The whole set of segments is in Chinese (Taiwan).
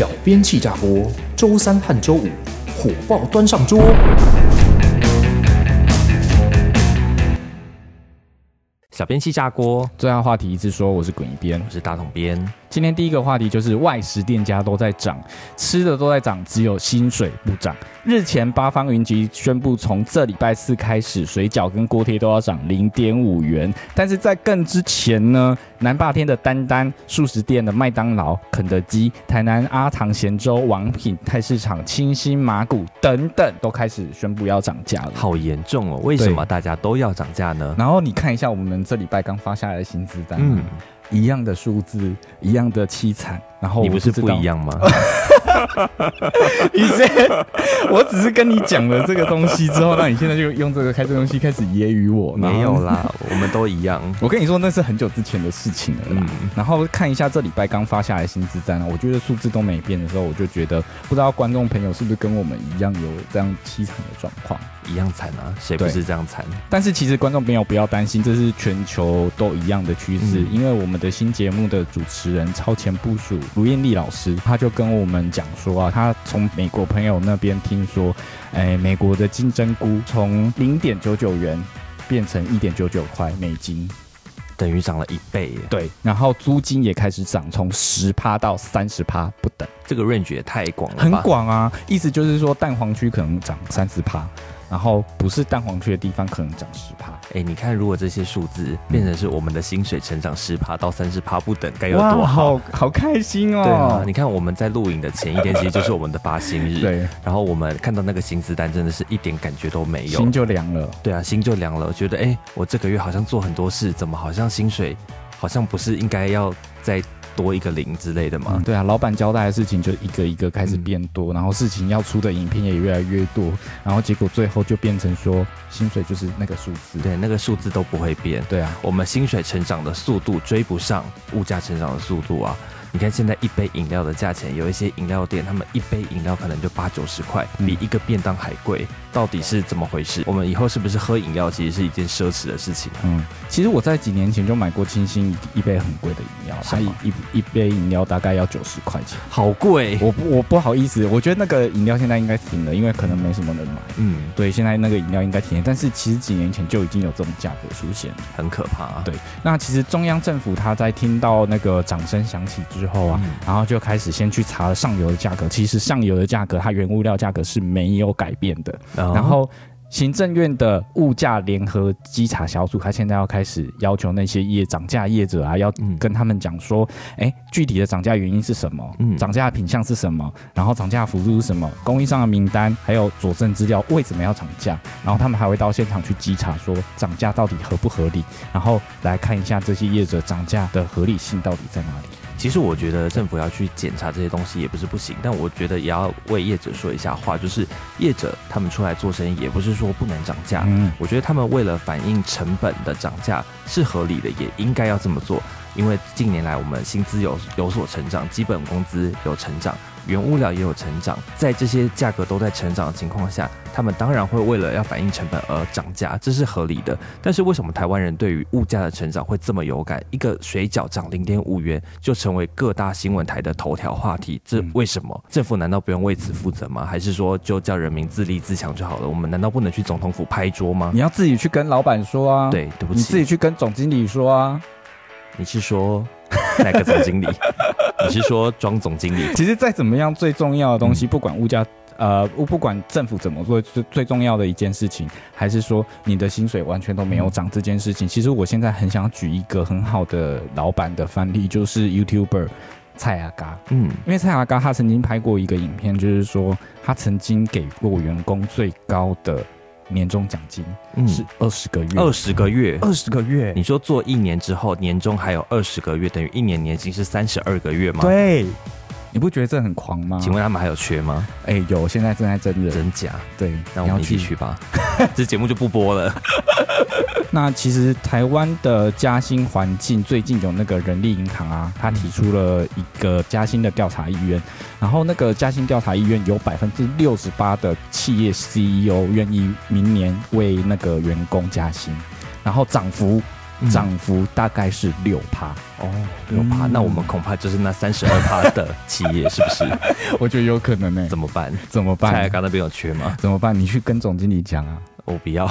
小編氣炸鍋，周三和周五火爆端上桌。小編氣炸鍋，重要話題一直說。我是滾一編，我是打統編。今天第一個話題就是外食店家都在漲，吃的都在漲，只有薪水不漲。日前八方雲集宣布，從這禮拜四開始，水餃跟鍋貼都要漲零點五元。但是在更之前呢，南霸天的丹丹速食店的麥當勞、肯德基、台南阿堂鹹粥、王品泰市場、清心麻古等等，都開始宣布要漲價了。好嚴重哦！對為什麼大家都要漲價呢？然後你看一下我們這禮拜剛發下來的薪資單。嗯一樣的數字，一樣的淒慘。然後不你不是不一樣嗎？以前 我只是跟你講了這個東西之後，那你現在就用這個開這個東西開始揶揄我嗎？沒有啦，我們都一樣。 我跟你說那是很久之前的事情了啦。嗯，然後看一下這禮拜剛發下來薪資單，我覺得數字都沒變的時候，我就覺得不知道觀眾朋友是不是跟我們一樣有這樣淒慘的狀況，一樣慘啊？誰不是這樣慘？但是其實觀眾朋友不要擔心，這是全球都一樣的趨勢，嗯、因為我們的新節目的主持人超前部署。盧艷麗老師，他就跟我們講說啊，他從美國朋友那邊聽說，哎、欸，美國的金針菇從零點九九元變成一點九九塊美金，等於漲了一倍。對，然後租金也開始漲，從十趴到三十趴不等，這個 range 也太廣了。很廣啊，意思就是說蛋黃區可能漲三十趴。然後不是蛋黃區的地方，可能漲十趴。哎、欸，你看，如果這些數字變成是我們的薪水成長十趴到三十趴不等，該有多好哇好，好開心哦！對啊，你看我們在錄影的前一天，其實就是我們的發薪日呃呃對。對，然後我們看到那個薪資單，真的是一點感覺都沒有，心就涼了。對啊，心就涼了，覺得哎、欸，我這個月好像做很多事，怎麼好像薪水好像不是應該要在。多一個零之類的嘛、嗯，對啊，老闆交代的事情就一個一個開始變多，嗯、然後事情要出的影片也越來越多，然後結果最後就變成說，薪水就是那個數字，對，那個數字都不會變。對啊，我們薪水成長的速度追不上物價成長的速度啊。你看現在一杯飲料的價錢，有一些飲料店，他們一杯飲料可能就八九十塊，比一個便當還貴。到底是怎麼回事？我們以後是不是喝飲料其實是一件奢侈的事情啊？嗯，其實我在幾年前就買過清新、一，一杯很貴的飲料了，是嗎？一一杯飲料大概要九十塊錢，好貴。我不，我不好意思，我覺得那個飲料現在應該停了，因為可能沒什麼人買。嗯，對，現在那個飲料應該停了，但是其實幾年前就已經有這種價格出現了，很可怕啊。對，那其實中央政府他在聽到那個掌聲響起。之後啊，嗯、然後就開始先去查了，上游的價格。其實上游的價格，它原物料價格是沒有改變的。哦、然後行政院的物價聯合稽查小組，他現在要開始要求那些業漲價業者啊，要跟他們講說，哎、嗯，具體的漲價原因是什麼？嗯、漲價的品項是什麼？然後漲價幅度是什麼？供應商的名單，還有佐證資料，為什麼要漲價？然後他們還會到現場去稽查，說漲價到底合不合理？然後來看一下這些業者漲價的合理性到底在哪裡。其實我覺得政府要去檢查這些東西也不是不行，但我覺得也要為業者說一下話，就是業者他們出來做生意也不是說不能漲價。嗯，我覺得他們為了反映成本的漲價是合理的，也應該要這麼做，因為近年來我們薪資有有所成長，基本工資有成長。原物料也有成長，在這些價格都在成長的情況下，他們當然會為了要反映成本而漲價，這是合理的。但是為什麼台灣人對於物價的成長會這麼有感？一個水餃漲零點五元就成為各大新聞台的頭條話題，這為什麼？政府難道不用為此負責嗎？還是說就叫人民自立自強就好了？我們難道不能去總統府拍桌嗎？你要自己去跟老闆說啊，對，對不起，你自己去跟總經理說啊。你是說那 個總經理？ 你是說莊總經理？ 其實再怎麼樣，最重要的東西，不管物價，嗯、呃，不，不管政府怎麼做，最最重要的一件事情，還是說你的薪水完全都沒有漲這件事情。嗯、其實我現在很想舉一個很好的老闆的範例，就是 YouTuber 蔡阿嘎，嗯，因為蔡阿嘎他曾經拍過一個影片，就是說他曾經給過員工最高的。年終獎金是二十個月，二十、嗯、個月，二十個月。你說做一年之後，年終還有二十個月，等於一年年薪是三十二個月嗎？對，你不覺得這很狂嗎？請問他們還有缺嗎？哎、欸，有，現在正在徵人，真假？對，那我們繼續吧，要 這節目就不播了。那其實台灣的加薪環境最近有那個人力銀行啊，他提出了一個加薪的調查意願，然後那個加薪調查意願有百分之六十八的企業 CEO 願意明年為那個員工加薪，然後漲幅、嗯、漲幅大概是六趴哦，六趴、oh, 嗯，那我們恐怕就是那三十二趴的企業是不是？ 我覺得有可能呢、欸。怎麼辦？怎麼辦？蔡老比較缺嘛？怎麼辦？你去跟總經理講啊。都我不要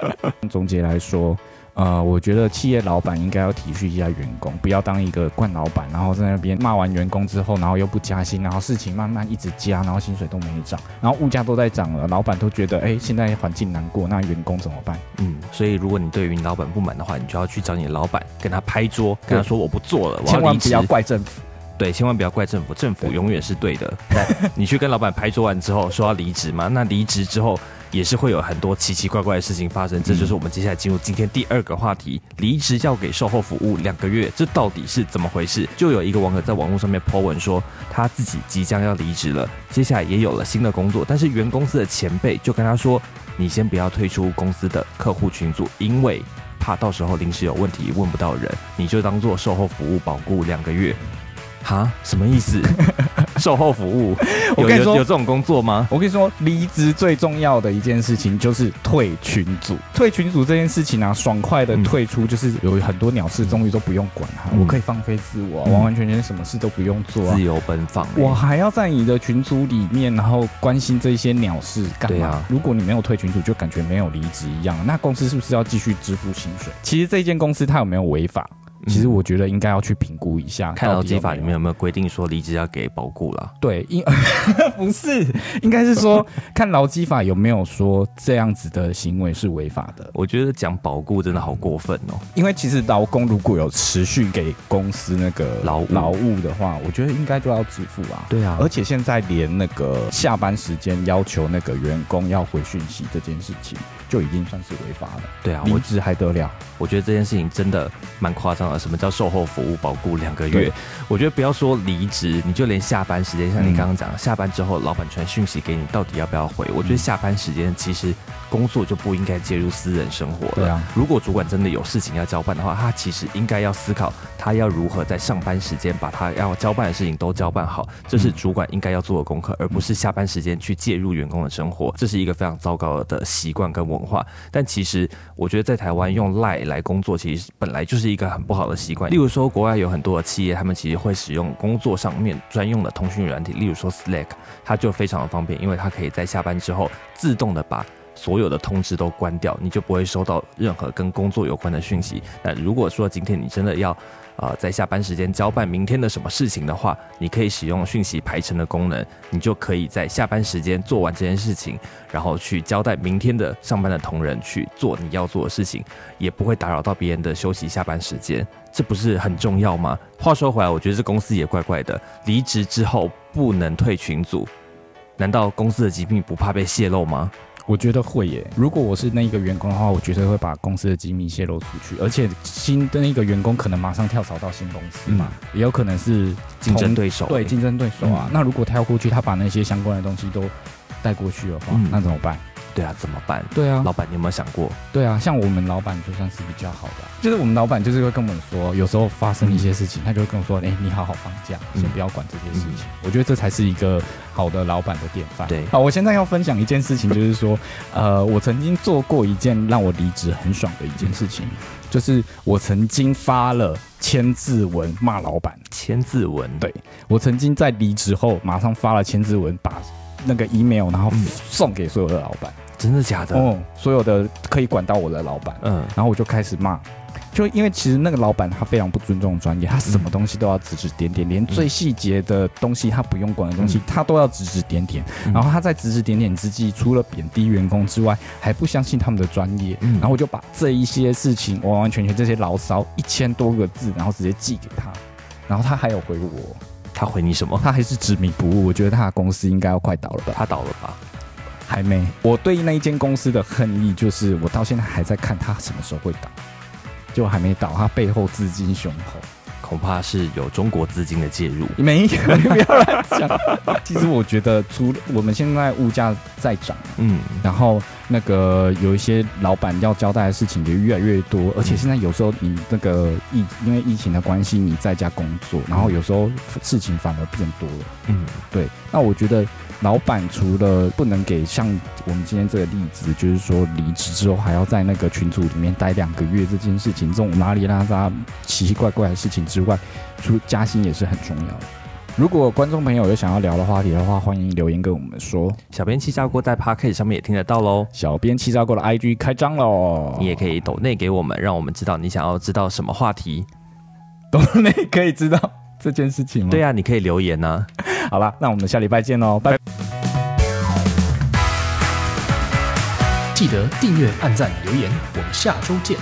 總結來說，呃，我覺得企業老闆應該要體恤一下員工，不要當一個慣老闆，然後在那邊罵完員工之後，然後又不加薪，然後事情慢慢一直加，然後薪水都沒漲，然後物價都在漲了，老闆都覺得哎、欸，現在環境難過，那員工怎麼辦？嗯，所以如果你對於你老闆不滿的話，你就要去找你的老闆，跟他拍桌，跟他說我不做了，嗯、千萬不要怪政府，對，千萬不要怪政府，政府永遠是對的。對，你去跟老闆拍桌完之後說要離職嘛？那離職之後。也是會有很多奇奇怪怪的事情發生，這就是我們接下來進入今天第二個話題：離職要給售後服務兩個月，這到底是怎麼回事？就有一個網友在網絡上面 Po 文說，他自己即將要離職了，接下來也有了新的工作，但是原公司的前輩就跟他說，你先不要退出公司的客戶群組，因為怕到時候臨時有問題問不到人，你就當做售後服務保固兩個月，哈，什麼意思？ 售後服務，我跟你說有這種工作嗎？我跟你說，離職最重要的一件事情就是退群組。 退群組這件事情啊，爽快的退出，就是有很多鳥事，終於都不用管了。嗯、我可以放飛自我、啊，完、嗯、完全全什麼事都不用做、啊，自由奔放、欸。我還要在你的群組裡面，然後關心這些鳥事幹嘛？啊、如果你沒有退群組，就感覺沒有離職一樣。那公司是不是要繼續支付薪水？其實這一間公司它有沒有違法？嗯、其實我覺得應該要去評估一下，看勞基法有沒有,裡面有沒有規定說離職要給保固了、嗯。對，應、嗯、不是，應該是說 看勞基法有沒有說這樣子的行為是違法的。我覺得講保固真的好過分哦、喔，因為其實勞工如果有持續給公司那個勞勞務的話，我覺得應該就要支付啊。對啊，而且現在連那個下班時間要求那個員工要回訊息這件事情，就已經算是違法了。對啊，我、離職還得了？我覺得這件事情真的蠻誇張。什麼叫售後服務保固兩個月？我覺得不要說離職，你就連下班時間，像你剛剛講，下班之後老闆傳訊息給你，到底要不要回？我覺得下班時間其實。工作就不應該介入私人生活。對啊，如果主管真的有事情要交辦的話，他其實應該要思考，他要如何在上班時間把他要交辦的事情都交辦好，這是主管應該要做的功課，嗯、而不是下班時間去介入員工的生活，這是一個非常糟糕的習慣跟文化。但其實我覺得在台灣用 LINE 來工作，其實本來就是一個很不好的習慣。例如說，國外有很多的企業，他們其實會使用工作上面專用的通訊軟體，例如說 Slack，它就非常的方便，因為它可以在下班之後自動的把所有的通知都關掉，你就不會收到任何跟工作有關的訊息。那如果說今天你真的要，呃，在下班時間交辦明天的什麼事情的話，你可以使用訊息排程的功能，你就可以在下班時間做完這件事情，然後去交代明天的上班的同仁去做你要做的事情，也不會打擾到別人的休息下班時間，這不是很重要嗎？話說回來，我覺得這公司也怪怪的，離職之後不能退群組，難道公司的機密不怕被洩露嗎？我覺得會耶、欸。如果我是那一個員工的話，我絕對會把公司的機密洩露出去。而且新的那個員工可能馬上跳槽到新公司嘛，嗯、也有可能是競爭對手、欸。對，競爭對手啊。嗯、那如果跳過去，他把那些相關的東西都帶過去的話，嗯、那怎麼辦？對啊，怎麼辦？對啊，老闆，你有沒有想過？對啊，像我們老闆就算是比較好的、啊，就是我們老闆就是會跟我們說，有時候發生一些事情，嗯、他就會跟我說：“哎、欸，你好好放假，先不要管這些事情。嗯”我覺得這才是一個好的老闆的典範。對，好，我現在要分享一件事情，就是說，呃，我曾經做過一件讓我離職很爽的一件事情，嗯、就是我曾經發了千字文罵老闆。千字文，對，我曾經在離職後馬上發了千字文，把那個 email 然後送給所有的老闆。嗯真的假的？嗯，所有的可以管到我的老闆，嗯，然後我就開始罵，就因為其實那個老闆他非常不尊重專業，他什麼東西都要指指點點，連最細節的東西他不用管的東西他都要指指點點。嗯，然後他在指指點點之際，嗯，除了貶低員工之外，嗯，還不相信他們的專業。嗯，然後我就把這一些事情完完全全這些牢騷一千多個字，然後直接寄給他，然後他還有回我，他回你什麼？他還是執迷不悟。我覺得他的公司應該要快倒了吧？他倒了吧。還沒，我對那一間公司的恨意就是，我到現在還在看他什麼時候會倒，就還沒倒。他背後資金雄厚，恐怕是有中國資金的介入。沒，沒沒有來，你不要亂講。其實我覺得，除了我們現在物價在漲，嗯，然後那個有一些老闆要交代的事情也越來越多，而且現在有時候你那個疫，因為疫情的關係，你在家工作，然後有時候事情反而變多了。嗯，對。那我覺得。老闆除了不能給像我們今天這個例子，就是說離職之後還要在那個群組裡面待兩個月這件事情這種哪裡拉雜、奇奇怪怪的事情之外，除加薪也是很重要。如果觀眾朋友有想要聊的話題的話，歡迎留言跟我們說。小編氣炸鍋在 Podcast 上面也聽得到嘍。小編氣炸鍋的 IG 開張了，你也可以抖內給我們，讓我們知道你想要知道什麼話題。抖內可以知道這件事情嗎？對啊，你可以留言吶、啊。好了，那我們下禮拜見嘍，拜拜。記得訂閱、按讚、留言，我們下周見。